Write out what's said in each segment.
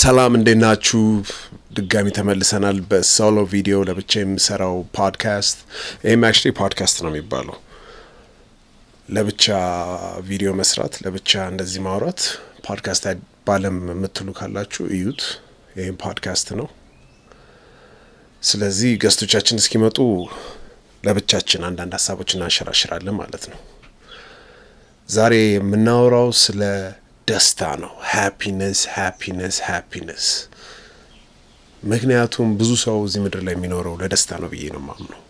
ሰላም እንዴት ናችሁ? ድጋሚ ተመልሰናል። በሶሎ ቪዲዮ ለብቻ የምሰራው ፖድካስት፣ ይህም አክቹዋሊ ፖድካስት ነው የሚባለው። ለብቻ ቪዲዮ መስራት፣ ለብቻ እንደዚህ ማውራት፣ ፖድካስት ባለም የምትሉ ካላችሁ እዩት። ይህም ፖድካስት ነው። ስለዚህ ገስቶቻችን እስኪመጡ ለብቻችን አንዳንድ ሀሳቦች እናንሸራሽራለን ማለት ነው። ዛሬ የምናወራው ስለ ደስታ ነው። ሃፒነስ ሃፒነስ ሃፒነስ። ምክንያቱም ብዙ ሰው እዚህ ምድር ላይ የሚኖረው ለደስታ ነው ብዬ ነው ማምነው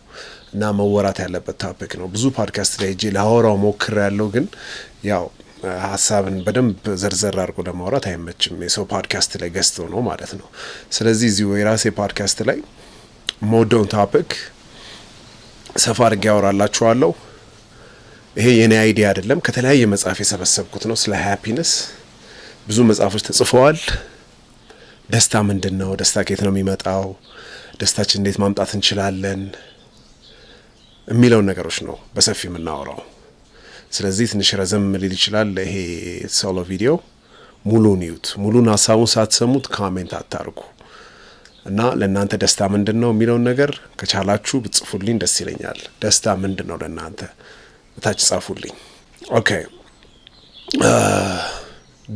እና መወራት ያለበት ታፒክ ነው። ብዙ ፖድካስት ላይ እጄ ለአወራው ሞክር ያለው ግን ያው ሀሳብን በደንብ ዘርዘር አድርጎ ለማውራት አይመችም። የሰው ፖድካስት ላይ ገዝቶ ነው ማለት ነው። ስለዚህ እዚሁ የራሴ ፖድካስት ላይ ሞደውን ታፒክ ሰፋ አድርጌ ያወራላችኋለሁ። ይሄ የኔ አይዲያ አይደለም፣ ከተለያየ መጽሐፍ የሰበሰብኩት ነው ስለ ሃፒነስ ብዙ መጽሐፎች ተጽፈዋል። ደስታ ምንድን ነው? ደስታ ከየት ነው የሚመጣው? ደስታችን እንዴት ማምጣት እንችላለን? የሚለውን ነገሮች ነው በሰፊ የምናወራው። ስለዚህ ትንሽ ረዘም ሊል ይችላል ይሄ ሶሎ ቪዲዮ። ሙሉን ይዩት። ሙሉን ሀሳቡን ሳትሰሙት ካሜንት አታርጉ እና ለእናንተ ደስታ ምንድን ነው የሚለውን ነገር ከቻላችሁ ብትጽፉልኝ ደስ ይለኛል። ደስታ ምንድን ነው ለእናንተ? እታች ጻፉልኝ። ኦኬ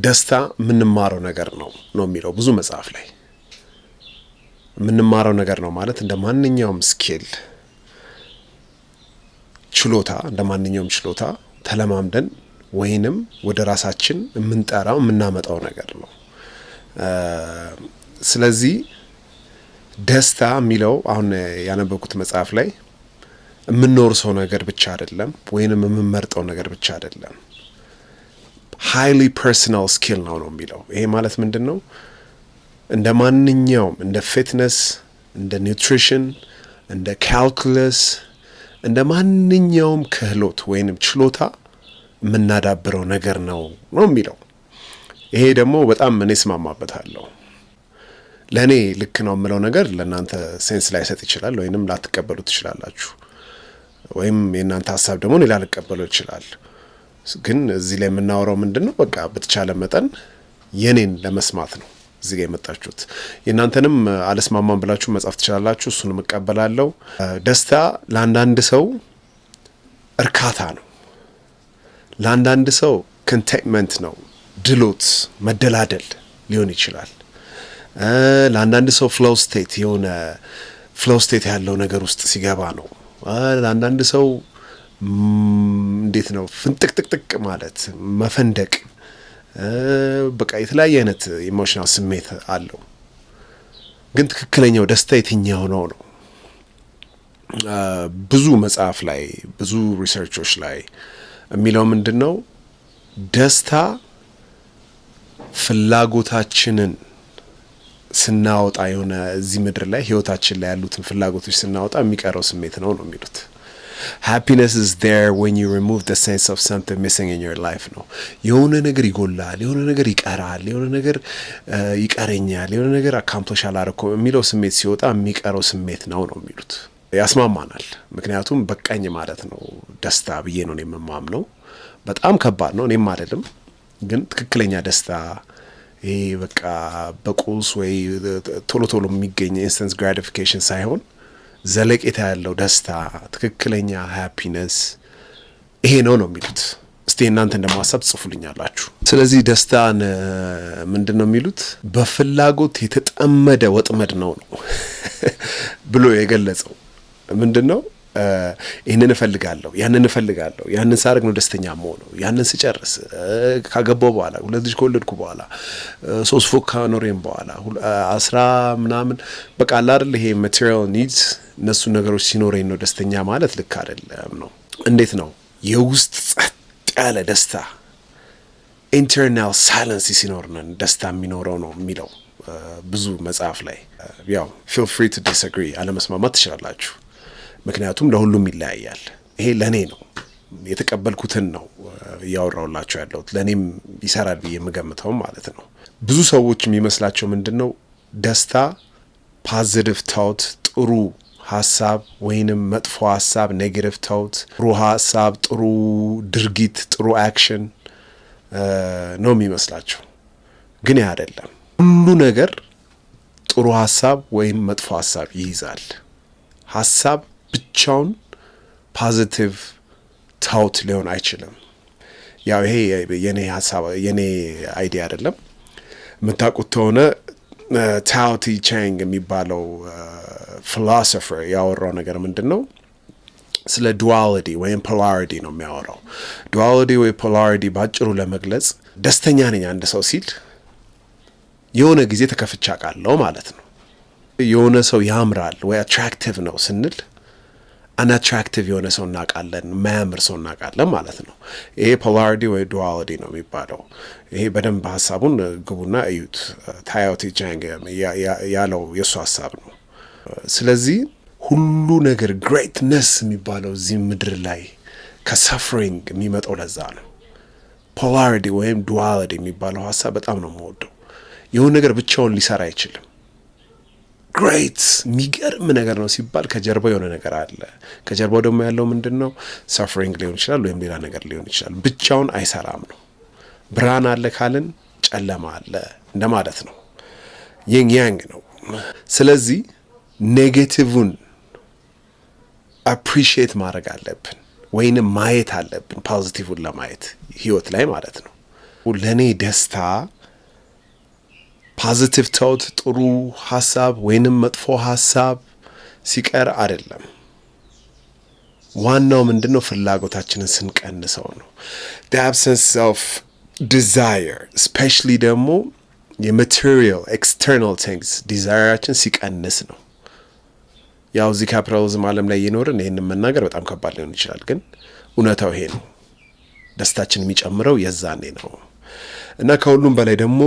ደስታ የምንማረው ነገር ነው ነው የሚለው ብዙ መጽሐፍ ላይ የምንማረው ነገር ነው ማለት እንደ ማንኛውም ስኪል ችሎታ እንደ ማንኛውም ችሎታ ተለማምደን ወይንም ወደ ራሳችን የምንጠራው የምናመጣው ነገር ነው። ስለዚህ ደስታ የሚለው አሁን ያነበብኩት መጽሐፍ ላይ የምንኖር ሰው ነገር ብቻ አይደለም፣ ወይንም የምንመርጠው ነገር ብቻ አይደለም። ሃይሊ ፐርሰናል ስኪል ነው ነው የሚለው። ይሄ ማለት ምንድን ነው? እንደ ማንኛውም እንደ ፊትነስ፣ እንደ ኒውትሪሽን፣ እንደ ካልኩለስ፣ እንደ ማንኛውም ክህሎት ወይንም ችሎታ የምናዳብረው ነገር ነው ነው የሚለው። ይሄ ደግሞ በጣም እኔ እስማማበታለሁ። ለእኔ ልክ ነው የምለው ነገር ለእናንተ ሴንስ ላይሰጥ ይችላል፣ ወይንም ላትቀበሉ ትችላላችሁ፣ ወይም የእናንተ ሀሳብ ደግሞ እኔ ይችላል። ግን እዚህ ላይ የምናወራው ምንድን ነው? በቃ በተቻለ መጠን የኔን ለመስማት ነው እዚህ ጋር የመጣችሁት። የእናንተንም አልስማማን ብላችሁ መጻፍ ትችላላችሁ። እሱን እቀበላለሁ። ደስታ ለአንዳንድ ሰው እርካታ ነው፣ ለአንዳንድ ሰው ኮንቴንትመንት ነው፣ ድሎት መደላደል ሊሆን ይችላል። ለአንዳንድ ሰው ፍሎው ስቴት የሆነ ፍሎው ስቴት ያለው ነገር ውስጥ ሲገባ ነው። ለአንዳንድ ሰው እንዴት ነው ፍንጥቅጥቅጥቅ ማለት መፈንደቅ፣ በቃ የተለያየ አይነት ኢሞሽናል ስሜት አለው። ግን ትክክለኛው ደስታ የትኛው ነው ነው? ብዙ መጽሐፍ ላይ ብዙ ሪሰርቾች ላይ የሚለው ምንድን ነው ደስታ ፍላጎታችንን ስናወጣ የሆነ እዚህ ምድር ላይ ህይወታችን ላይ ያሉትን ፍላጎቶች ስናወጣ የሚቀረው ስሜት ነው ነው የሚሉት ሃፒነስ ኢዝ ዜር ዌን ዩ ሪሙቭ ዘ ሴንስ ኦፍ ሰምቲንግ ሚሲንግ ኢን ዮር ላይፍ ነው። የሆነ ነገር ይጎላል፣ የሆነ ነገር ይቀራል፣ የሆነ ነገር ይቀረኛል፣ የሆነ ነገር አካምፕሎሽ አላረኩም የሚለው ስሜት ሲወጣ የሚቀረው ስሜት ነው ነው የሚሉት ያስማማናል። ምክንያቱም በቃኝ ማለት ነው ደስታ ብዬ ነው የምማም በጣም ከባድ ነው። እኔም አይደለም ግን ትክክለኛ ደስታ ይሄ በቃ በቁስ ወይ ቶሎ ቶሎ የሚገኝ ኢንስተንስ ግራቲፊኬሽን ሳይሆን ዘለቄታ ያለው ደስታ፣ ትክክለኛ ሃፒነስ ይሄ ነው ነው የሚሉት። እስቲ እናንተ እንደሞ ሀሳብ ትጽፉልኛላችሁ። ስለዚህ ደስታን ምንድን ነው የሚሉት? በፍላጎት የተጠመደ ወጥመድ ነው ነው ብሎ የገለጸው ምንድን ነው ይህንን እፈልጋለሁ፣ ያንን እፈልጋለሁ፣ ያንን ሳደርግ ነው ደስተኛ መሆነው፣ ያንን ስጨርስ ካገባው በኋላ ሁለት ልጅ ከወለድኩ በኋላ ሶስት ፎቅ ካኖሬም በኋላ አስራ ምናምን በቃ አይደል ይሄ ማቴሪያል ኒድስ እነሱ ነገሮች ሲኖረኝ ነው ደስተኛ ማለት ልክ አይደለም ነው። እንዴት ነው የውስጥ ጸጥ ያለ ደስታ ኢንተርናል ሳይለንስ ሲኖር ነን ደስታ የሚኖረው ነው የሚለው ብዙ መጽሐፍ ላይ ያው ፊል ፍሪ ቱ ዲስግሪ አለመስማማት ትችላላችሁ ምክንያቱም ለሁሉም ይለያያል። ይሄ ለእኔ ነው የተቀበልኩትን ነው እያወራውላቸው ያለሁት ለእኔም ይሰራል ብዬ የምገምተውም ማለት ነው። ብዙ ሰዎች የሚመስላቸው ምንድን ነው ደስታ ፓዚቲቭ ታውት ጥሩ ሀሳብ ወይንም መጥፎ ሀሳብ ኔጌቲቭ ታውት ጥሩ ሀሳብ፣ ጥሩ ድርጊት፣ ጥሩ አክሽን ነው የሚመስላቸው። ግን ያ አይደለም። ሁሉ ነገር ጥሩ ሀሳብ ወይም መጥፎ ሀሳብ ይይዛል። ሀሳብ ብቻውን ፖዚቲቭ ታውት ሊሆን አይችልም። ያው ይሄ የኔ ሀሳብ የኔ አይዲያ አይደለም። የምታውቁት ከሆነ ታዎ ቲ ቻንግ የሚባለው ፊሎሶፈር ያወራው ነገር ምንድን ነው? ስለ ዱዋሊቲ ወይም ፖላሪቲ ነው የሚያወራው። ዱዋሊቲ ወይ ፖላሪቲ ባጭሩ ለመግለጽ ደስተኛ ነኝ አንድ ሰው ሲል የሆነ ጊዜ ተከፍቻ ቃለው ማለት ነው። የሆነ ሰው ያምራል ወይ አትራክቲቭ ነው ስንል አንአትራክቲቭ የሆነ ሰው እናውቃለን፣ ማያምር ሰው እናውቃለን ማለት ነው። ይሄ ፖላሪቲ ወይ ዱዋሊቲ ነው የሚባለው። ይሄ በደንብ ሀሳቡን ግቡና እዩት። ታያቲ ጃንግ ያለው የእሱ ሀሳብ ነው። ስለዚህ ሁሉ ነገር ግሬትነስ የሚባለው እዚህ ምድር ላይ ከሰፍሪንግ የሚመጣው ለዛ ነው። ፖላሪቲ ወይም ዱዋሊቲ የሚባለው ሀሳብ በጣም ነው የምወደው። የሆነ ነገር ብቻውን ሊሰራ አይችልም። ግሬት የሚገርም ነገር ነው ሲባል ከጀርባው የሆነ ነገር አለ። ከጀርባው ደግሞ ያለው ምንድን ነው? ሰፍሪንግ ሊሆን ይችላል ወይም ሌላ ነገር ሊሆን ይችላል። ብቻውን አይሰራም ነው። ብርሃን አለ ካልን ጨለማ አለ እንደማለት ነው። ይንግ ያንግ ነው። ስለዚህ ኔጌቲቭን አፕሪሺየት ማድረግ አለብን ወይንም ማየት አለብን፣ ፖዚቲቭን ለማየት ህይወት ላይ ማለት ነው። ለእኔ ደስታ ፓዚቲቭ ቶት ጥሩ ሀሳብ ወይንም መጥፎ ሀሳብ ሲቀር አይደለም። ዋናው ምንድን ነው? ፍላጎታችንን ስንቀንሰው ነው። the absence of desire especially ደግሞ የማቴሪያል ኤክስተርናል ቲንግስ ዲዛይራችን ሲቀንስ ነው። ያው እዚህ ካፒታሊዝም ዓለም ላይ እየኖርን ይህንን መናገር በጣም ከባድ ሊሆን ይችላል፣ ግን እውነታው ይሄ ነው። ደስታችን የሚጨምረው የዛኔ ነው እና ከሁሉም በላይ ደግሞ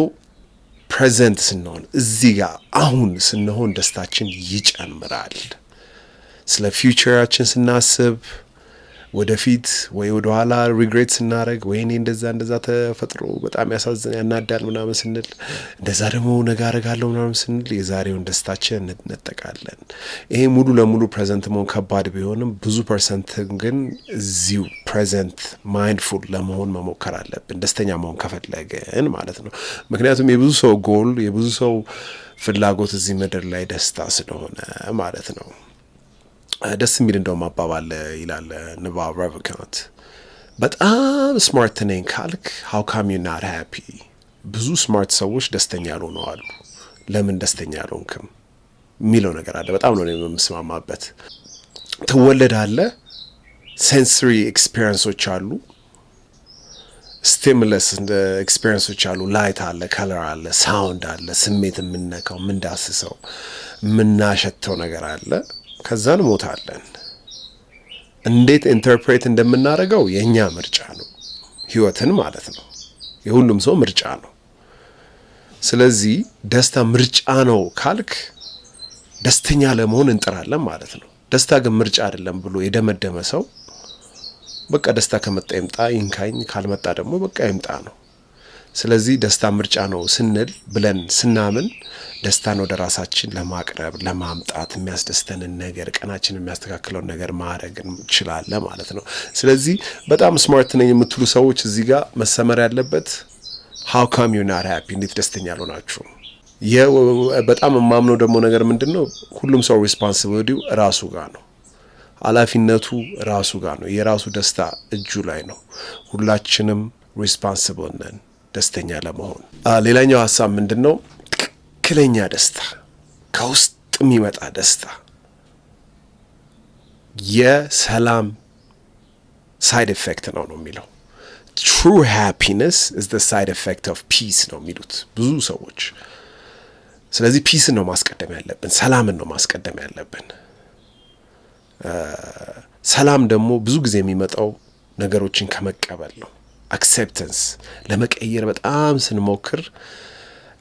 ፕሬዘንት ስንሆን እዚህ ጋር አሁን ስንሆን ደስታችን ይጨምራል። ስለ ፊውቸራችን ስናስብ ወደፊት ወይ ወደኋላ ሪግሬት ስናደረግ እኔ እንደዛ እንደዛ ተፈጥሮ በጣም ያሳዝን ያናዳል ምናምን ስንል እንደዛ ደግሞ ነገ አረጋለሁ ምናምን ስንል የዛሬውን ደስታችን እንነጠቃለን። ይሄ ሙሉ ለሙሉ ፕሬዘንት መሆን ከባድ ቢሆንም ብዙ ፐርሰንት ግን እዚሁ ፕሬዘንት ማይንድፉል ለመሆን መሞከር አለብን፣ ደስተኛ መሆን ከፈለግን ማለት ነው። ምክንያቱም የብዙ ሰው ጎል የብዙ ሰው ፍላጎት እዚህ ምድር ላይ ደስታ ስለሆነ ማለት ነው። ደስ የሚል እንደውም አባባል ይላል ንባ ራቭካንት በጣም ስማርት ነኝ ካልክ ሀው ካም ዩ ናት ሃፒ። ብዙ ስማርት ሰዎች ደስተኛ ያልሆኑ አሉ፣ ለምን ደስተኛ ያልሆንክም የሚለው ነገር አለ። በጣም ነው የምስማማበት። ትወለዳለህ፣ ሴንስሪ ኤክስፔሪንሶች አሉ፣ ስቲሙለስ ኤክስፔሪንሶች አሉ። ላይት አለ፣ ከለር አለ፣ ሳውንድ አለ፣ ስሜት የምንነካው የምንዳስሰው የምናሸተው ነገር አለ ከዛ እንሞታለን። እንዴት ኢንተርፕሬት እንደምናደርገው የእኛ ምርጫ ነው። ህይወትን ማለት ነው። የሁሉም ሰው ምርጫ ነው። ስለዚህ ደስታ ምርጫ ነው ካልክ ደስተኛ ለመሆን እንጥራለን ማለት ነው። ደስታ ግን ምርጫ አይደለም ብሎ የደመደመ ሰው በቃ ደስታ ከመጣ ይምጣ ይንካኝ፣ ካልመጣ ደግሞ በቃ ይምጣ ነው። ስለዚህ ደስታ ምርጫ ነው ስንል ብለን ስናምን ደስታን ወደ ራሳችን ለማቅረብ ለማምጣት የሚያስደስተንን ነገር ቀናችን የሚያስተካክለውን ነገር ማድረግ እንችላለን ማለት ነው። ስለዚህ በጣም ስማርት ነኝ የምትሉ ሰዎች እዚህ ጋር መሰመር ያለበት ሀው ካም ዩ ናት እንዴት ደስተኛ አልሆናችሁ? በጣም የማምነው ደግሞ ነገር ምንድን ነው፣ ሁሉም ሰው ሪስፖንሲቢሊቲው ራሱ ጋር ነው። ኃላፊነቱ ራሱ ጋር ነው። የራሱ ደስታ እጁ ላይ ነው። ሁላችንም ሪስፖንስብል ነን። ደስተኛ ለመሆን። ሌላኛው ሀሳብ ምንድን ነው? ትክክለኛ ደስታ፣ ከውስጥ የሚመጣ ደስታ፣ የሰላም ሳይድ ኤፌክት ነው ነው የሚለው ትሩ ሃፒነስ ኢዝ ዘ ሳይድ ኤፌክት ኦፍ ፒስ ነው የሚሉት ብዙ ሰዎች። ስለዚህ ፒስን ነው ማስቀደም ያለብን፣ ሰላምን ነው ማስቀደም ያለብን። ሰላም ደግሞ ብዙ ጊዜ የሚመጣው ነገሮችን ከመቀበል ነው። አክሴፕተንስ ለመቀየር በጣም ስንሞክር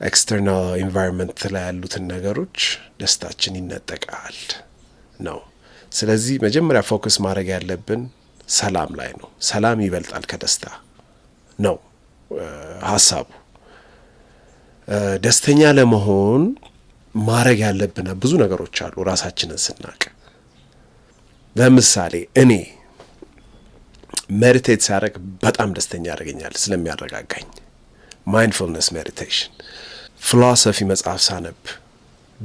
ኤክስተርናል ኤንቫይሮንመንት ላይ ያሉትን ነገሮች ደስታችን ይነጠቃል ነው። ስለዚህ መጀመሪያ ፎከስ ማድረግ ያለብን ሰላም ላይ ነው። ሰላም ይበልጣል ከደስታ ነው ሀሳቡ። ደስተኛ ለመሆን ማድረግ ያለብን ብዙ ነገሮች አሉ ራሳችንን ስናቅ። ለምሳሌ እኔ ሜዲቴት ሲያደርግ በጣም ደስተኛ ያደርገኛል ስለሚያረጋጋኝ። ማይንድፉልነስ ሜዲቴሽን ፊሎሶፊ መጽሐፍ ሳነብ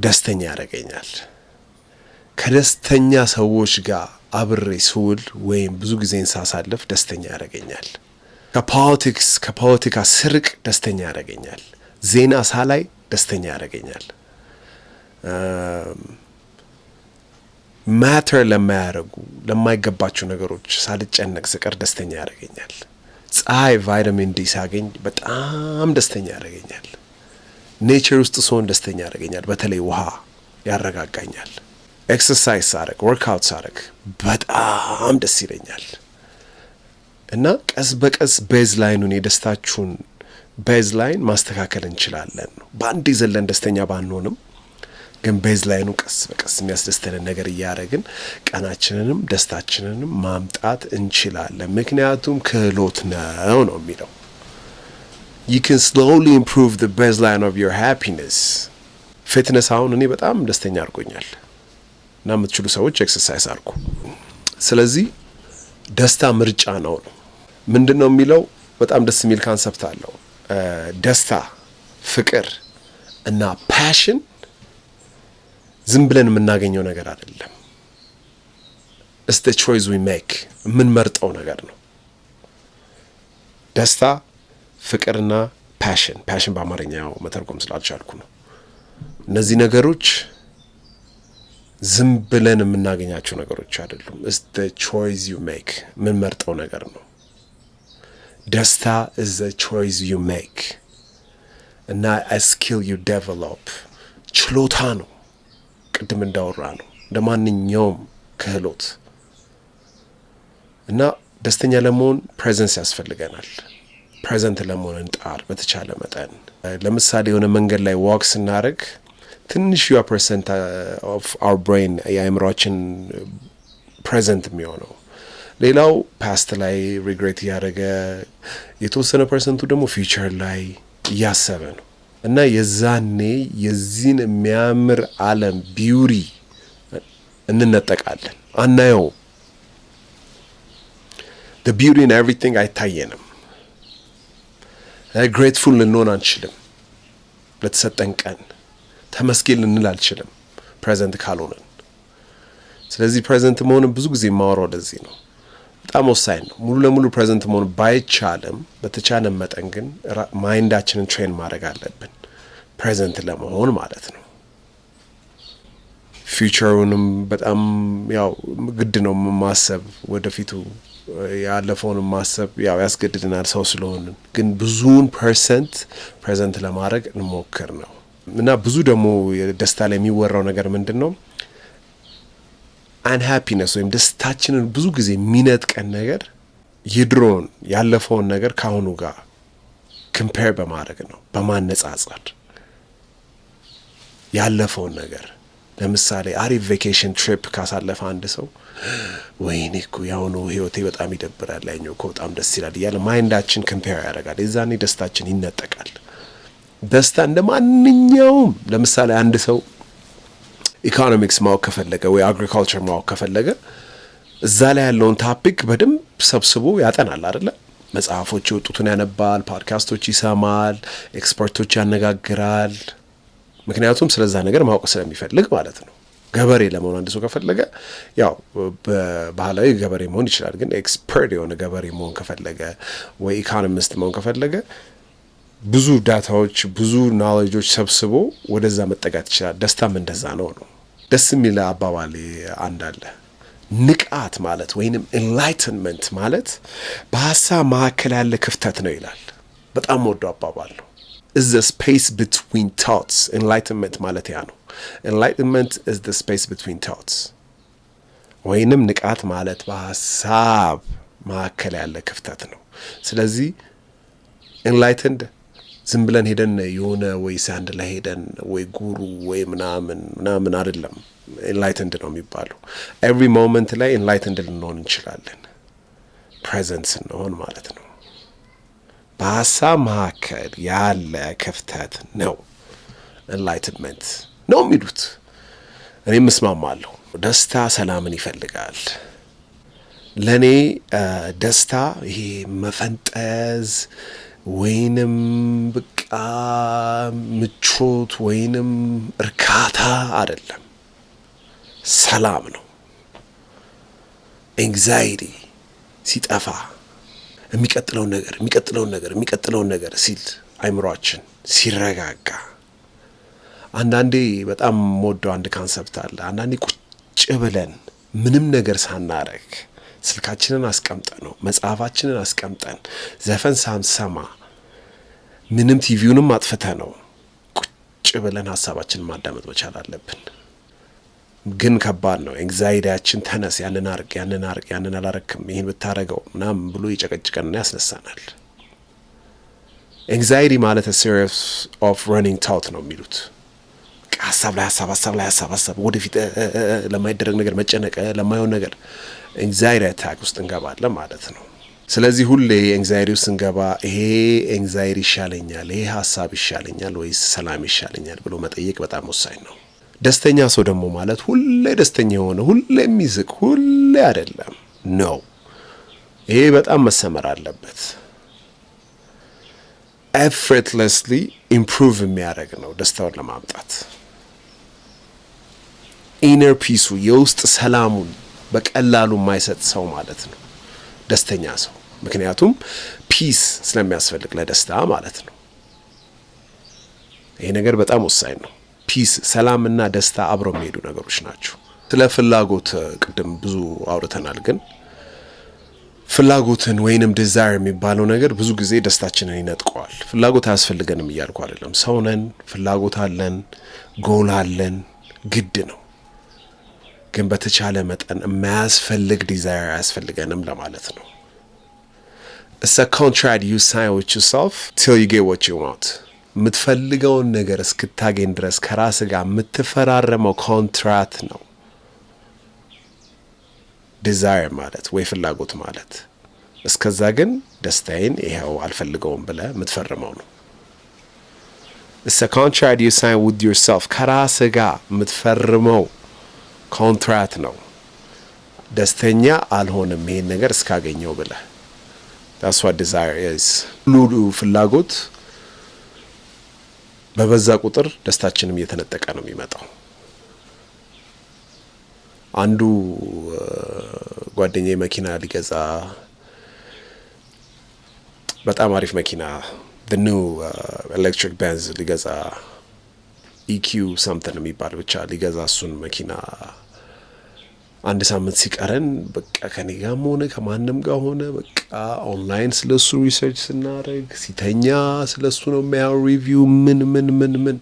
ደስተኛ ያደርገኛል። ከደስተኛ ሰዎች ጋር አብሬ ስውል ወይም ብዙ ጊዜን ሳሳልፍ ደስተኛ ያደርገኛል። ከፖለቲክስ ከፖለቲካ ስርቅ ደስተኛ ያደርገኛል። ዜና ሳላይ ደስተኛ ያደርገኛል። ማተር ለማያደርጉ ለማይገባቸው ነገሮች ሳልጨነቅ ስቀር ደስተኛ ያደርገኛል። ፀሐይ ቫይታሚን ዲ ሳገኝ በጣም ደስተኛ ያደርገኛል። ኔቸር ውስጥ ሰሆን ደስተኛ ያደርገኛል። በተለይ ውሃ ያረጋጋኛል። ኤክሰርሳይዝ ሳረግ ወርክአውት ሳረግ በጣም ደስ ይለኛል። እና ቀስ በቀስ ቤዝ ላይኑን የደስታችሁን ቤዝ ላይን ማስተካከል እንችላለን በአንድ ይዘለን ደስተኛ ባንሆንም ግን ቤዝ ላይኑ ቀስ በቀስ የሚያስደስተንን ነገር እያደረግን ቀናችንንም ደስታችንንም ማምጣት እንችላለን። ምክንያቱም ክህሎት ነው ነው የሚለው ዩ ካን ስሎሊ ኢምፕሩቭ ዘ ቤዝ ላይን ኦፍ ዮር ሃፒነስ ፊትነስ። አሁን እኔ በጣም ደስተኛ አድርጎኛል እና የምትችሉ ሰዎች ኤክሰርሳይዝ አድርጉ። ስለዚህ ደስታ ምርጫ ነው ነው ምንድን ነው የሚለው በጣም ደስ የሚል ካንሰፕት አለው። ደስታ፣ ፍቅር እና ፓሽን ዝም ብለን የምናገኘው ነገር አይደለም። እስተ ቾይዝ ዊ ሜክ የምንመርጠው ነገር ነው። ደስታ፣ ፍቅርና ፓሽን ፓሽን በአማርኛው መተርጎም ስላልቻልኩ ነው። እነዚህ ነገሮች ዝም ብለን የምናገኛቸው ነገሮች አይደሉም። እስተ ቾይዝ ዩ ሜክ የምንመርጠው ነገር ነው። ደስታ እዘ ቾይዝ ዩ ሜክ እና ስኪል ዩ ዴቨሎፕ ችሎታ ነው። ቅድም እንዳወራ ነው እንደ ማንኛውም ክህሎት እና ደስተኛ ለመሆን ፕሬዘንስ ያስፈልገናል። ፕሬዘንት ለመሆን እንጣር በተቻለ መጠን። ለምሳሌ የሆነ መንገድ ላይ ዋክ ስናደርግ ትንሽ ዩ ፐርሰንት ኦፍ አር ብሬን የአእምሯችን ፕሬዘንት የሚሆነው ሌላው ፓስት ላይ ሪግሬት እያደረገ የተወሰነ ፐርሰንቱ ደግሞ ፊውቸር ላይ እያሰበ ነው። እና የዛኔ የዚህን የሚያምር ዓለም ቢዩሪ እንነጠቃለን፣ አናየውም። ቢውሪ ኢን ኤቭሪቲንግ አይታየንም። ግሬትፉል ልንሆን አንችልም። ለተሰጠን ቀን ተመስገን ልንል አልችልም ፕሬዘንት ካልሆንን። ስለዚህ ፕሬዘንት መሆንን ብዙ ጊዜ የማወራው ለዚህ ነው። በጣም ወሳኝ ነው። ሙሉ ለሙሉ ፕሬዘንት መሆን ባይቻልም በተቻለ መጠን ግን ማይንዳችንን ትሬን ማድረግ አለብን፣ ፕሬዘንት ለመሆን ማለት ነው። ፊውቸሩንም በጣም ያው ግድ ነው ማሰብ፣ ወደፊቱ ያለፈውንም ማሰብ ያው ያስገድድናል ሰው ስለሆንን፣ ግን ብዙውን ፐርሰንት ፕሬዘንት ለማድረግ እንሞክር ነው እና ብዙ ደግሞ ደስታ ላይ የሚወራው ነገር ምንድን ነው አንሃፒነስ ወይም ደስታችንን ብዙ ጊዜ የሚነጥቀን ነገር የድሮውን ያለፈውን ነገር ከአሁኑ ጋር ክምፔር በማድረግ ነው፣ በማነጻጸር ያለፈውን ነገር ለምሳሌ አሪፍ ቬኬሽን ትሪፕ ካሳለፈ አንድ ሰው ወይኔ እኮ የአሁኑ ህይወቴ በጣም ይደብራል፣ ያኛው እኮ በጣም ደስ ይላል እያለ ማይንዳችን ክምፔር ያደርጋል። የዛኔ ደስታችን ይነጠቃል። ደስታ እንደ ማንኛውም ለምሳሌ አንድ ሰው ኢኮኖሚክስ ማወቅ ከፈለገ ወይ አግሪካልቸር ማወቅ ከፈለገ እዛ ላይ ያለውን ታፒክ በደንብ ሰብስቦ ያጠናል አደለ መጽሐፎች የወጡትን ያነባል፣ ፖድካስቶች ይሰማል፣ ኤክስፐርቶች ያነጋግራል። ምክንያቱም ስለዛ ነገር ማወቅ ስለሚፈልግ ማለት ነው። ገበሬ ለመሆን አንድ ሰው ከፈለገ ያው ባህላዊ ገበሬ መሆን ይችላል። ግን ኤክስፐርት የሆነ ገበሬ መሆን ከፈለገ ወይ ኢኮኖሚስት መሆን ከፈለገ ብዙ ዳታዎች ብዙ ናሌጆች ሰብስቦ ወደዛ መጠጋት ይችላል። ደስታም እንደዛ ነው ነው ደስ የሚል አባባል አንድ አለ። ንቃት ማለት ወይንም ኤንላይትንመንት ማለት በሀሳብ መካከል ያለ ክፍተት ነው ይላል። በጣም ወዶ አባባል ነው። እዘ ስፔስ ብትዊን ታውትስ ኤንላይትንመንት ማለት ያ ነው። ኤንላይትንመንት እዝ ስፔስ ብትዊን ታውትስ ወይንም ንቃት ማለት በሀሳብ መካከል ያለ ክፍተት ነው። ስለዚህ ኤንላይትንድ ዝም ብለን ሄደን የሆነ ወይ ሳንድ ላይ ሄደን ወይ ጉሩ ወይ ምናምን ምናምን አይደለም። ኤንላይትንድ ነው የሚባለው። ኤቭሪ ሞመንት ላይ ኤንላይትንድ ልንሆን እንችላለን። ፕሬዘንት ስንሆን ማለት ነው። በሀሳብ መካከል ያለ ክፍተት ነው ኤንላይትንመንት ነው የሚሉት። እኔም እስማማለሁ። ደስታ ሰላምን ይፈልጋል። ለእኔ ደስታ ይሄ መፈንጠዝ ወይንም በቃ ምቾት ወይንም እርካታ አይደለም፣ ሰላም ነው። ኤንግዛይቲ ሲጠፋ የሚቀጥለውን ነገር የሚቀጥለውን ነገር የሚቀጥለውን ነገር ሲል አይምሯችን ሲረጋጋ። አንዳንዴ በጣም ወደው አንድ ካንሰፕት አለ። አንዳንዴ ቁጭ ብለን ምንም ነገር ሳናረግ ስልካችንን አስቀምጠን ነው መጽሐፋችንን አስቀምጠን ዘፈን ሳንሰማ ምንም ቲቪውንም አጥፍተ ነው ቁጭ ብለን ሀሳባችንን ማዳመጥ መቻል አለብን። ግን ከባድ ነው። ኤንግዛይቲያችን ተነስ፣ ያንን አርግ፣ ያንን አርግ፣ ያንን አላረክም፣ ይህን ብታረገው ምናምን ብሎ ይጨቀጭቀንና ያስነሳናል። ኤንግዛይቲ ማለት ሲሪስ ኦፍ ረኒንግ ታውት ነው የሚሉት ሀሳብ ላይ ሀሳብ ሀሳብ ላይ ሀሳብ ሀሳብ ወደፊት ለማይደረግ ነገር መጨነቅ ለማይሆን ነገር ኤንግዛይሪ አታክ ውስጥ እንገባለን ማለት ነው። ስለዚህ ሁሌ ኤንግዛይሪ ውስጥ እንገባ ይሄ ኤንግዛይሪ ይሻለኛል፣ ይሄ ሀሳብ ይሻለኛል ወይስ ሰላም ይሻለኛል ብሎ መጠየቅ በጣም ወሳኝ ነው። ደስተኛ ሰው ደግሞ ማለት ሁሌ ደስተኛ የሆነ ሁሌ የሚስቅ ሁሌ አይደለም ነው። ይሄ በጣም መሰመር አለበት። ኤፍርትለስሊ ኢምፕሩቭ የሚያደርግ ነው ደስታውን ለማምጣት ኢነር ፒሱ የውስጥ ሰላሙን በቀላሉ የማይሰጥ ሰው ማለት ነው ደስተኛ ሰው። ምክንያቱም ፒስ ስለሚያስፈልግ ለደስታ ማለት ነው። ይሄ ነገር በጣም ወሳኝ ነው። ፒስ፣ ሰላምና ደስታ አብረው የሚሄዱ ነገሮች ናቸው። ስለ ፍላጎት ቅድም ብዙ አውርተናል። ግን ፍላጎትን ወይንም ዲዛይር የሚባለው ነገር ብዙ ጊዜ ደስታችንን ይነጥቀዋል። ፍላጎት አያስፈልገንም እያልኩ አይደለም። ሰውነን፣ ፍላጎት አለን፣ ጎል አለን፣ ግድ ነው ግን በተቻለ መጠን የማያስፈልግ ዲዛይር አያስፈልገንም ለማለት ነው። እሰ ኮንትራድ ዩ ሳይን ሳይዎች ሰልፍ ቲል ዩ ጌት ዋት ዩ ዋንት የምትፈልገውን ነገር እስክታገኝ ድረስ ከራስ ጋር የምትፈራረመው ኮንትራት ነው። ዲዛይር ማለት ወይ ፍላጎት ማለት እስከዛ ግን ደስታዬን ይኸው አልፈልገውም ብለ የምትፈርመው ነው። እሰ ኮንትራድ ዩ ሳይን ውድ ዩርሰልፍ ከራስ ጋር የምትፈርመው ኮንትራት ነው። ደስተኛ አልሆንም ይሄን ነገር እስካገኘው ብለ ዳስዋ ዲዛይር ኢዝ ሁሉ ፍላጎት በበዛ ቁጥር ደስታችንም እየተነጠቀ ነው የሚመጣው። አንዱ ጓደኛ መኪና ሊገዛ በጣም አሪፍ መኪና ኒው ኤሌክትሪክ ቤንዝ ሊገዛ ኢኪዩ e ሰምተን የሚባል ብቻ ሊገዛ እሱን መኪና አንድ ሳምንት ሲቀረን በቃ ከኔ ጋም ሆነ ከማንም ጋር ሆነ በቃ ኦንላይን ስለ እሱ ሪሰርች ስናደርግ ሲተኛ ስለ እሱ ነው የሚያው ሪቪው ምን ምን ምን ምን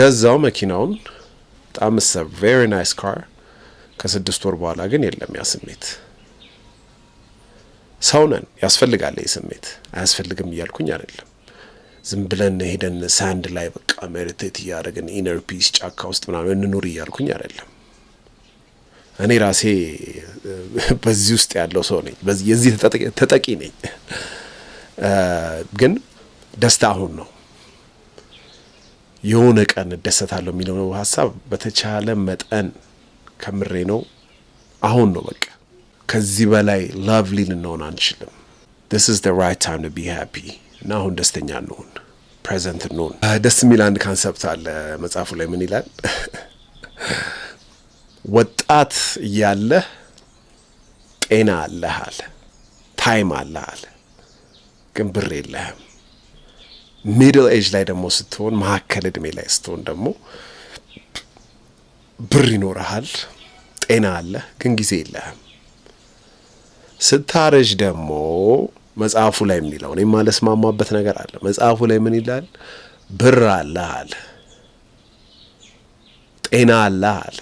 ገዛው መኪናውን። በጣም ሰ ቬሪ ናይስ ካር። ከስድስት ወር በኋላ ግን የለም ያ ስሜት። ሰው ነን፣ ያስፈልጋል ይህ ስሜት። አያስፈልግም እያልኩኝ አይደለም። ዝም ብለን ሄደን ሳንድ ላይ በቃ ሜዲቴት እያደረግን ኢነር ፒስ ጫካ ውስጥ ምናምን እንኑር እያልኩኝ አይደለም። እኔ ራሴ በዚህ ውስጥ ያለው ሰው ነኝ፣ የዚህ ተጠቂ ነኝ። ግን ደስታ አሁን ነው። የሆነ ቀን እደሰታለሁ የሚለው ሀሳብ በተቻለ መጠን ከምሬ ነው። አሁን ነው በቃ። ከዚህ በላይ ላቭሊ ልንሆን አንችልም። ዚስ ኢዝ ዘ ራይት ታይም ቱ ቢ ሃፒ እና አሁን ደስተኛ እንሁን፣ ፕሬዘንት እንሁን። ደስ የሚል አንድ ካንሰፕት አለ መጽሐፉ ላይ ምን ይላል? ወጣት እያለህ ጤና አለህ አለ፣ ታይም አለህ አለ፣ ግን ብር የለህም። ሚድል ኤጅ ላይ ደግሞ ስትሆን፣ መካከል እድሜ ላይ ስትሆን ደግሞ ብር ይኖረሃል፣ ጤና አለህ፣ ግን ጊዜ የለህም። ስታረጅ ደግሞ መጽሐፉ ላይ ምን ይላል? እኔም ማለስማማበት ነገር አለ። መጽሐፉ ላይ ምን ይላል? ብር አለህ አለ፣ ጤና አለህ አለ፣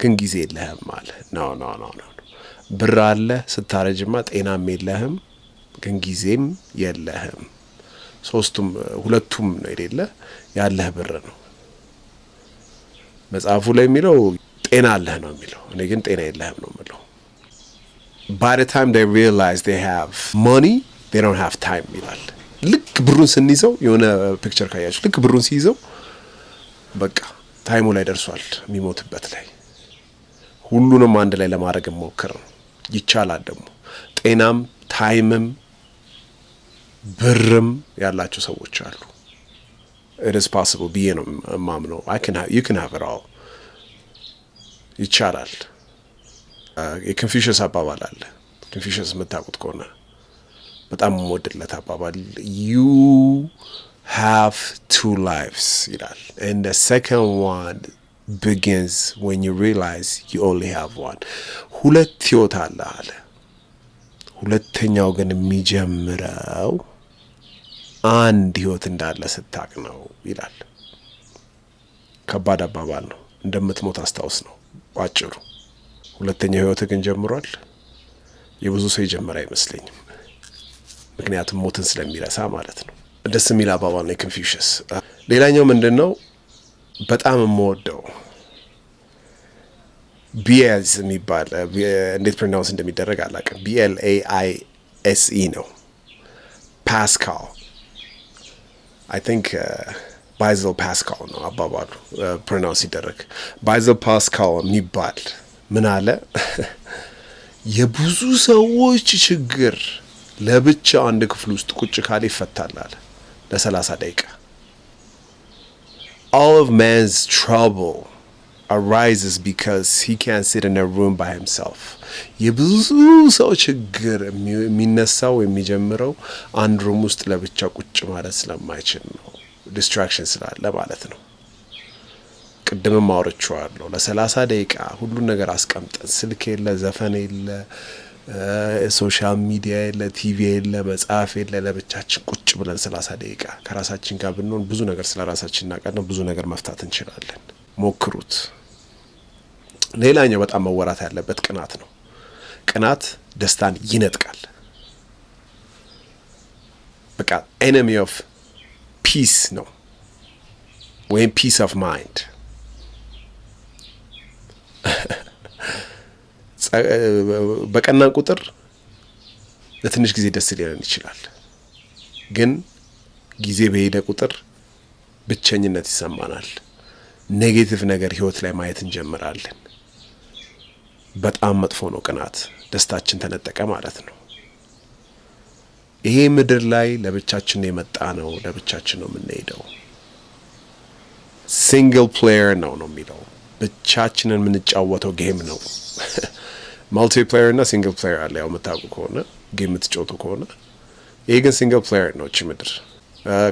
ግን ጊዜ የለህም አለ። ነው ነው ነው ነው ብር አለህ ስታረጅማ፣ ጤናም የለህም ግን ጊዜም የለህም። ሶስቱም ሁለቱም ነው የሌለ ያለህ ብር ነው። መጽሐፉ ላይ የሚለው ጤና አለህ ነው የሚለው፣ እኔ ግን ጤና የለህም ነው የምለው። ባይ ዘ ታይም ዴይ ሪላይዝ ዴይ ሃቭ ማኒ ዴይ ዶንት ሃቭ ታይም ይላል። ልክ ብሩን ስንይዘው የሆነ ፒክቸር ካያችሁ ልክ ብሩን ሲይዘው በቃ ታይሙ ላይ ደርሷል፣ የሚሞትበት ላይ ሁሉንም አንድ ላይ ለማድረግ ሞክር ይቻላል ደግሞ ጤናም ታይምም ብርም ያላቸው ሰዎች አሉ። ኢትስ ፖስብል ብዬ ነው የማምነው። ይቻላል። የኮንፊሽየስ አባባል አለ። ክንፊሽስ የምታውቁት ከሆነ በጣም የምወድለት አባባል ዩ ሃቭ ቱ ላይፍስ ይላል ኤንድ ሰከንድ ዋን ቢጊንስ ወን ዩ ሪላይዝ ዩ ኦንሊ ሃቭ ዋን። ሁለት ህይወት አለ አለ። ሁለተኛው ግን የሚጀምረው አንድ ህይወት እንዳለ ስታቅ ነው ይላል። ከባድ አባባል ነው። እንደምትሞት አስታውስ ነው ባጭሩ። ሁለተኛ ህይወት ግን ጀምሯል። የብዙ ሰው የጀመረ አይመስለኝም። ምክንያቱም ሞትን ስለሚረሳ ማለት ነው። ደስ የሚል አባባል ነው የኮንፊውሽስ። ሌላኛው ምንድን ነው በጣም የምወደው ቢኤልስ የሚባል እንዴት ፕሮናውንስ እንደሚደረግ አላውቅም። ቢኤልኤአይኤስኢ ነው ፓስካል አይ ቲንክ ባይዘል ፓስካል ነው አባባሉ ፕሮናውንስ ሲደረግ ባይዘል ፓስካል የሚባል ምን አለ? የብዙ ሰዎች ችግር ለብቻ አንድ ክፍል ውስጥ ቁጭ ካለ ይፈታል አለ ለ30 ደቂቃ። All of man's trouble arises because he can't sit in a room by himself። የብዙ ሰው ችግር የሚነሳው የሚጀምረው አንድ ሩም ውስጥ ለብቻ ቁጭ ማለት ስለማይችል ነው፣ ዲስትራክሽን ስላለ ማለት ነው። ቅድምም አውርቼዋለሁ። ለሰላሳ ደቂቃ ሁሉን ነገር አስቀምጠን ስልክ የለ፣ ዘፈን የለ፣ ሶሻል ሚዲያ የለ፣ ቲቪ የለ፣ መጽሐፍ የለ፣ ለብቻችን ቁጭ ብለን ሰላሳ ደቂቃ ከራሳችን ጋር ብንሆን ብዙ ነገር ስለ ራሳችን እናቀድነው ብዙ ነገር መፍታት እንችላለን። ሞክሩት። ሌላኛው በጣም መወራት ያለበት ቅናት ነው። ቅናት ደስታን ይነጥቃል። በቃ ኤነሚ ኦፍ ፒስ ነው ወይም ፒስ ኦፍ ማይንድ በቀናን ቁጥር ለትንሽ ጊዜ ደስ ሊለን ይችላል። ግን ጊዜ በሄደ ቁጥር ብቸኝነት ይሰማናል። ኔጌቲቭ ነገር ህይወት ላይ ማየት እንጀምራለን። በጣም መጥፎ ነው። ቅናት ደስታችን ተነጠቀ ማለት ነው። ይሄ ምድር ላይ ለብቻችን የመጣ ነው። ለብቻችን ነው የምንሄደው። ሲንግል ፕሌየር ነው ነው የሚለው ብቻችንን የምንጫወተው ጌም ነው። ማልቲፕላየር እና ሲንግል ፕላየር አለ። ያው የምታውቁ ከሆነ ጌም የምትጫወቱ ከሆነ ይሄ ግን ሲንግል ፕላየር ነው። እቺ ምድር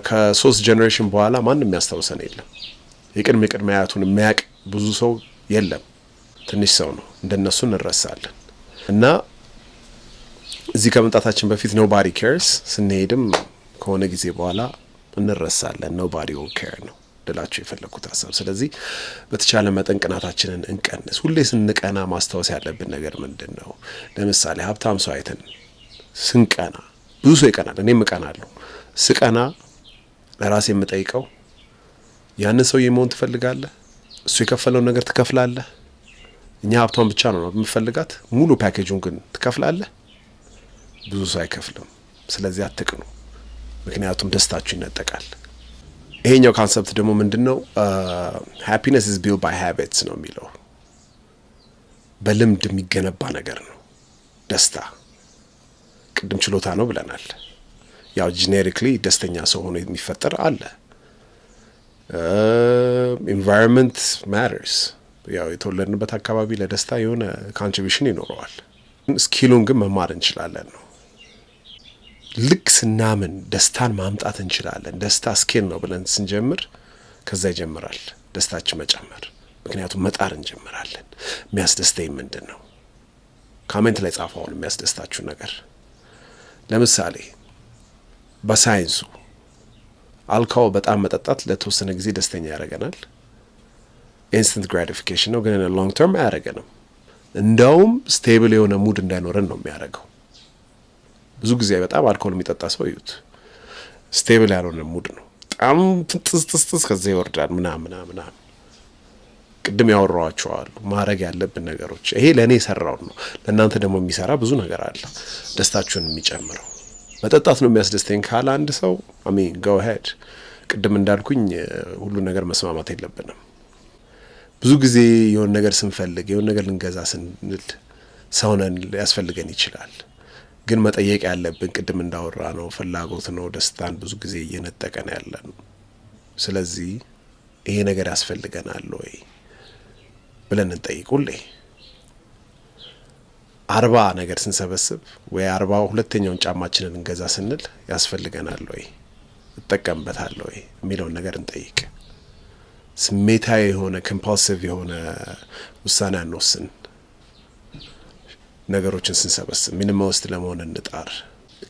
ከሶስት ጀኔሬሽን በኋላ ማንም የሚያስታውሰን የለም። የቅድሜ ቅድመ አያቱን የሚያውቅ ብዙ ሰው የለም። ትንሽ ሰው ነው። እንደነሱ እንረሳለን እና እዚህ ከመምጣታችን በፊት ኖባዲ ኬርስ ስንሄድም ከሆነ ጊዜ በኋላ እንረሳለን። ኖባዲ ኬር ነው። ልላቸው የፈለግኩት ሀሳብ። ስለዚህ በተቻለ መጠን ቅናታችንን እንቀንስ። ሁሌ ስንቀና ማስታወስ ያለብን ነገር ምንድን ነው? ለምሳሌ ሀብታም ሰው አይተን ስንቀና፣ ብዙ ሰው ይቀናል፣ እኔም እቀናለሁ። ስቀና ለራሴ የምጠይቀው ያንን ሰውዬ መሆን ትፈልጋለህ? እሱ የከፈለውን ነገር ትከፍላለህ? እኛ ሀብቷን ብቻ ነው የምፈልጋት፣ ሙሉ ፓኬጁን ግን ትከፍላለህ? ብዙ ሰው አይከፍልም። ስለዚህ አትቅኑ፣ ምክንያቱም ደስታችሁ ይነጠቃል። ይሄኛው ካንሰፕት ደግሞ ምንድን ነው? ሃፒነስ ኢዝ ቢልድ ባይ ሃቢትስ ነው የሚለው። በልምድ የሚገነባ ነገር ነው ደስታ። ቅድም ችሎታ ነው ብለናል። ያው ጄኔሪክሊ ደስተኛ ሰው ሆኖ የሚፈጠር አለ። ኢንቫይሮንመንት ማተርስ፣ ያው የተወለድንበት አካባቢ ለደስታ የሆነ ካንትሪቢሽን ይኖረዋል። ስኪሉን ግን መማር እንችላለን ነው ልክ ስናምን ደስታን ማምጣት እንችላለን። ደስታ ስኬል ነው ብለን ስንጀምር ከዛ ይጀምራል ደስታችን መጨመር። ምክንያቱም መጣር እንጀምራለን። የሚያስደስተኝ ምንድን ነው? ካሜንት ላይ ጻፈ አሁን የሚያስደስታችሁ ነገር ለምሳሌ በሳይንሱ አልካው በጣም መጠጣት ለተወሰነ ጊዜ ደስተኛ ያደርገናል። ኢንስታንት ግራቲፊኬሽን ነው፣ ግን ሎንግ ተርም አያደርገንም። እንደውም ስቴብል የሆነ ሙድ እንዳይኖረን ነው የሚያደርገው። ብዙ ጊዜ በጣም አልኮል የሚጠጣ ሰው እዩት። ስቴብል ያልሆነ ሙድ ነው። በጣም ጥስጥስጥስ ከዛ ይወርዳል ምናምና ምናምን። ቅድም ያወራዋቸዋሉ ማድረግ ያለብን ነገሮች ይሄ ለእኔ የሰራውን ነው። ለእናንተ ደግሞ የሚሰራ ብዙ ነገር አለ፣ ደስታችሁን የሚጨምረው መጠጣት ነው የሚያስደስተኝ ካለ አንድ ሰው አሚን ጎ ሄድ። ቅድም እንዳልኩኝ ሁሉ ነገር መስማማት የለብንም። ብዙ ጊዜ የሆነ ነገር ስንፈልግ የሆን ነገር ልንገዛ ስንል ሰውነን ሊያስፈልገን ይችላል። ግን መጠየቅ ያለብን ቅድም እንዳወራ ነው ፍላጎት ነው፣ ደስታን ብዙ ጊዜ እየነጠቀን ያለን። ስለዚህ ይሄ ነገር ያስፈልገናል ወይ ብለን እንጠይቁሌ። አርባ ነገር ስንሰበስብ ወይ አርባ ሁለተኛውን ጫማችንን እንገዛ ስንል ያስፈልገናል ወይ እጠቀምበታል ወይ የሚለውን ነገር እንጠይቅ። ስሜታዊ የሆነ ኮምፓልሲቭ የሆነ ውሳኔ አንወስን። ነገሮችን ስንሰበስብ ሚኒማሊስት ለመሆን እንጣር።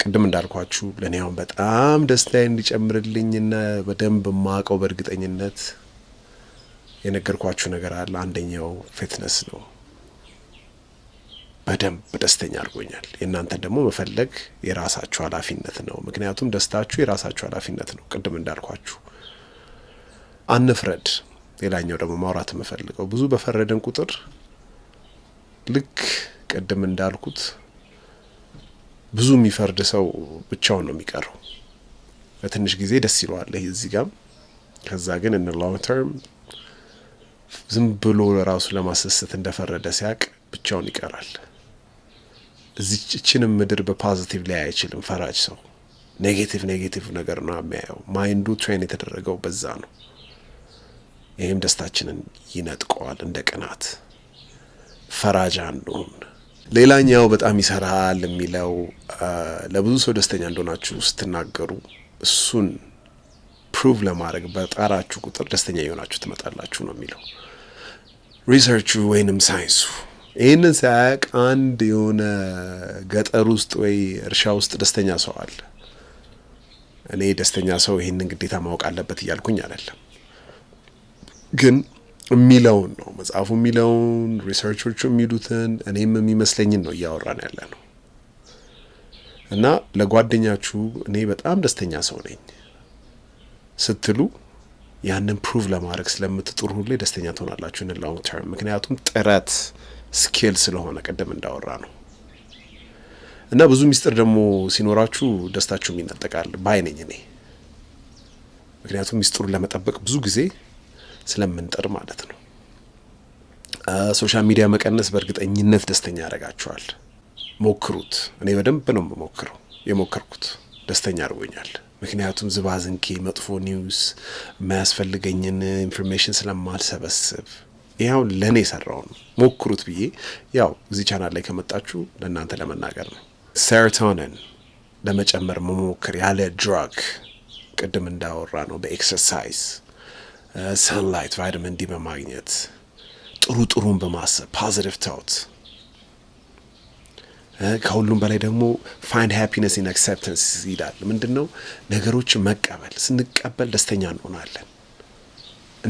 ቅድም እንዳልኳችሁ ለእኔ አሁን በጣም ደስታዬ እንዲጨምርልኝና በደንብ ማቀው በእርግጠኝነት የነገርኳችሁ ነገር አለ። አንደኛው ፊትነስ ነው። በደንብ ደስተኛ አድርጎኛል። የእናንተን ደግሞ መፈለግ የራሳችሁ ኃላፊነት ነው። ምክንያቱም ደስታችሁ የራሳችሁ ኃላፊነት ነው። ቅድም እንዳልኳችሁ አንፍረድ። ሌላኛው ደግሞ ማውራት የምፈልገው ብዙ በፈረድን ቁጥር ልክ ቅድም እንዳልኩት ብዙ የሚፈርድ ሰው ብቻውን ነው የሚቀረው። በትንሽ ጊዜ ደስ ይለዋል እዚህ ጋም፣ ከዛ ግን እን ሎንግ ተርም ዝም ብሎ ራሱ ለማስደሰት እንደፈረደ ሲያቅ ብቻውን ይቀራል። እዚችንም ምድር በፖዚቲቭ ላይ አይችልም። ፈራጅ ሰው ኔጌቲቭ ኔጌቲቭ ነገር ነው የሚያየው። ማይንዱ ትሬን የተደረገው በዛ ነው። ይህም ደስታችንን ይነጥቀዋል። እንደ ቅናት ፈራጅ አንሁን። ሌላኛው በጣም ይሰራል የሚለው ለብዙ ሰው ደስተኛ እንደሆናችሁ ስትናገሩ እሱን ፕሩቭ ለማድረግ በጣራችሁ ቁጥር ደስተኛ የሆናችሁ ትመጣላችሁ ነው የሚለው ሪሰርቹ ወይንም ሳይንሱ። ይህንን ሳያቅ አንድ የሆነ ገጠር ውስጥ ወይ እርሻ ውስጥ ደስተኛ ሰው አለ። እኔ ደስተኛ ሰው ይህንን ግዴታ ማወቅ አለበት እያልኩኝ አይደለም ግን የሚለውን ነው መጽሐፉ የሚለውን ሪሰርቾቹ የሚሉትን እኔም የሚመስለኝን ነው እያወራን ያለ ነው። እና ለጓደኛችሁ እኔ በጣም ደስተኛ ሰው ነኝ ስትሉ ያንን ፕሩቭ ለማድረግ ስለምትጥሩ ሁሌ ደስተኛ ትሆናላችሁ። ን ሎንግ ተርም ምክንያቱም ጥረት ስኬል ስለሆነ ቅድም እንዳወራ ነው እና ብዙ ሚስጥር ደግሞ ሲኖራችሁ ደስታችሁም ይነጠቃል ባይነኝ እኔ ምክንያቱም ሚስጥሩን ለመጠበቅ ብዙ ጊዜ ስለምንጥር ማለት ነው። ሶሻል ሚዲያ መቀነስ በእርግጠኝነት ደስተኛ ያደርጋችኋል። ሞክሩት። እኔ በደንብ ነው ሞክረው የሞከርኩት ደስተኛ አድርጎኛል። ምክንያቱም ዝባዝንኬ፣ መጥፎ ኒውስ፣ የማያስፈልገኝን ኢንፎርሜሽን ስለማልሰበስብ ይኸው ለእኔ የሰራው ነው። ሞክሩት ብዬ ያው እዚህ ቻናል ላይ ከመጣችሁ ለእናንተ ለመናገር ነው። ሴሮቶኒን ለመጨመር መሞክር ያለ ድራግ ቅድም እንዳወራ ነው በኤክሰርሳይዝ ሰንላይት ቫይታሚን ዲ በማግኘት ጥሩ ጥሩን በማሰብ ፓዚቲቭ ታውት ከሁሉም በላይ ደግሞ ፋይንድ ሃፒነስ ኢን አክሴፕተንስ ይላል። ምንድን ነው ነገሮችን መቀበል። ስንቀበል ደስተኛ እንሆናለን።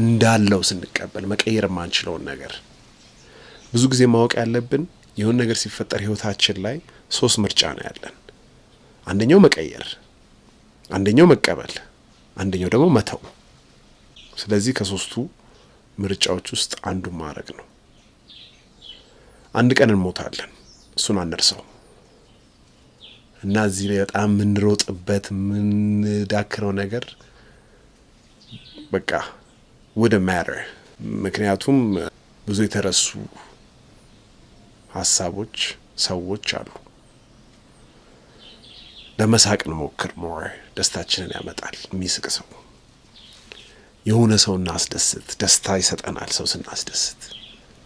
እንዳለው ስንቀበል መቀየር የማንችለውን ነገር ብዙ ጊዜ ማወቅ ያለብን የሆነ ነገር ሲፈጠር ህይወታችን ላይ ሶስት ምርጫ ነው ያለን። አንደኛው መቀየር፣ አንደኛው መቀበል፣ አንደኛው ደግሞ መተው ስለዚህ ከሶስቱ ምርጫዎች ውስጥ አንዱ ማድረግ ነው። አንድ ቀን እንሞታለን፣ እሱን አንርሰው እና እዚህ ላይ በጣም የምንሮጥበት የምንዳክረው ነገር በቃ ውድ ማተር ምክንያቱም ብዙ የተረሱ ሀሳቦች፣ ሰዎች አሉ። ለመሳቅ እንሞክር። ሞር ደስታችንን ያመጣል የሚስቅ ሰው የሆነ ሰው እናስደስት፣ ደስታ ይሰጠናል። ሰው ስናስደስት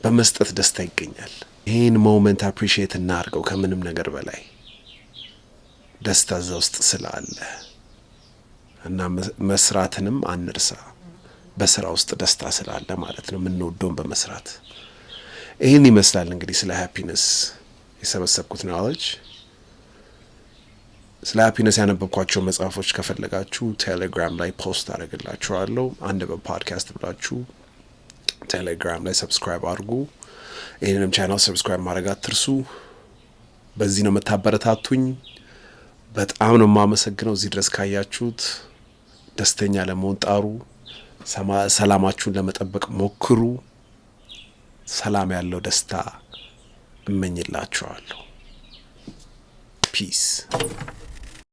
በመስጠት ደስታ ይገኛል። ይህን ሞመንት አፕሪሺየት እናርገው ከምንም ነገር በላይ ደስታ እዛ ውስጥ ስላለ እና መስራትንም አንርሳ። በስራ ውስጥ ደስታ ስላለ ማለት ነው፣ የምንወደውን በመስራት ይህን ይመስላል እንግዲህ ስለ ሃፒነስ የሰበሰብኩት ነዋዎች። ስለ ሀፒነስ ያነበብኳቸው መጽሐፎች ከፈለጋችሁ ቴሌግራም ላይ ፖስት አደረግላችኋለሁ። አንድ በፓድካስት ብላችሁ ቴሌግራም ላይ ሰብስክራይብ አድርጉ። ይህንንም ቻናል ሰብስክራይብ ማድረግ አትርሱ። በዚህ ነው የምታበረታቱኝ። በጣም ነው የማመሰግነው። እዚህ ድረስ ካያችሁት ደስተኛ ለመሆን ጣሩ። ሰላማችሁን ለመጠበቅ ሞክሩ። ሰላም ያለው ደስታ እመኝላችኋለሁ። ፒስ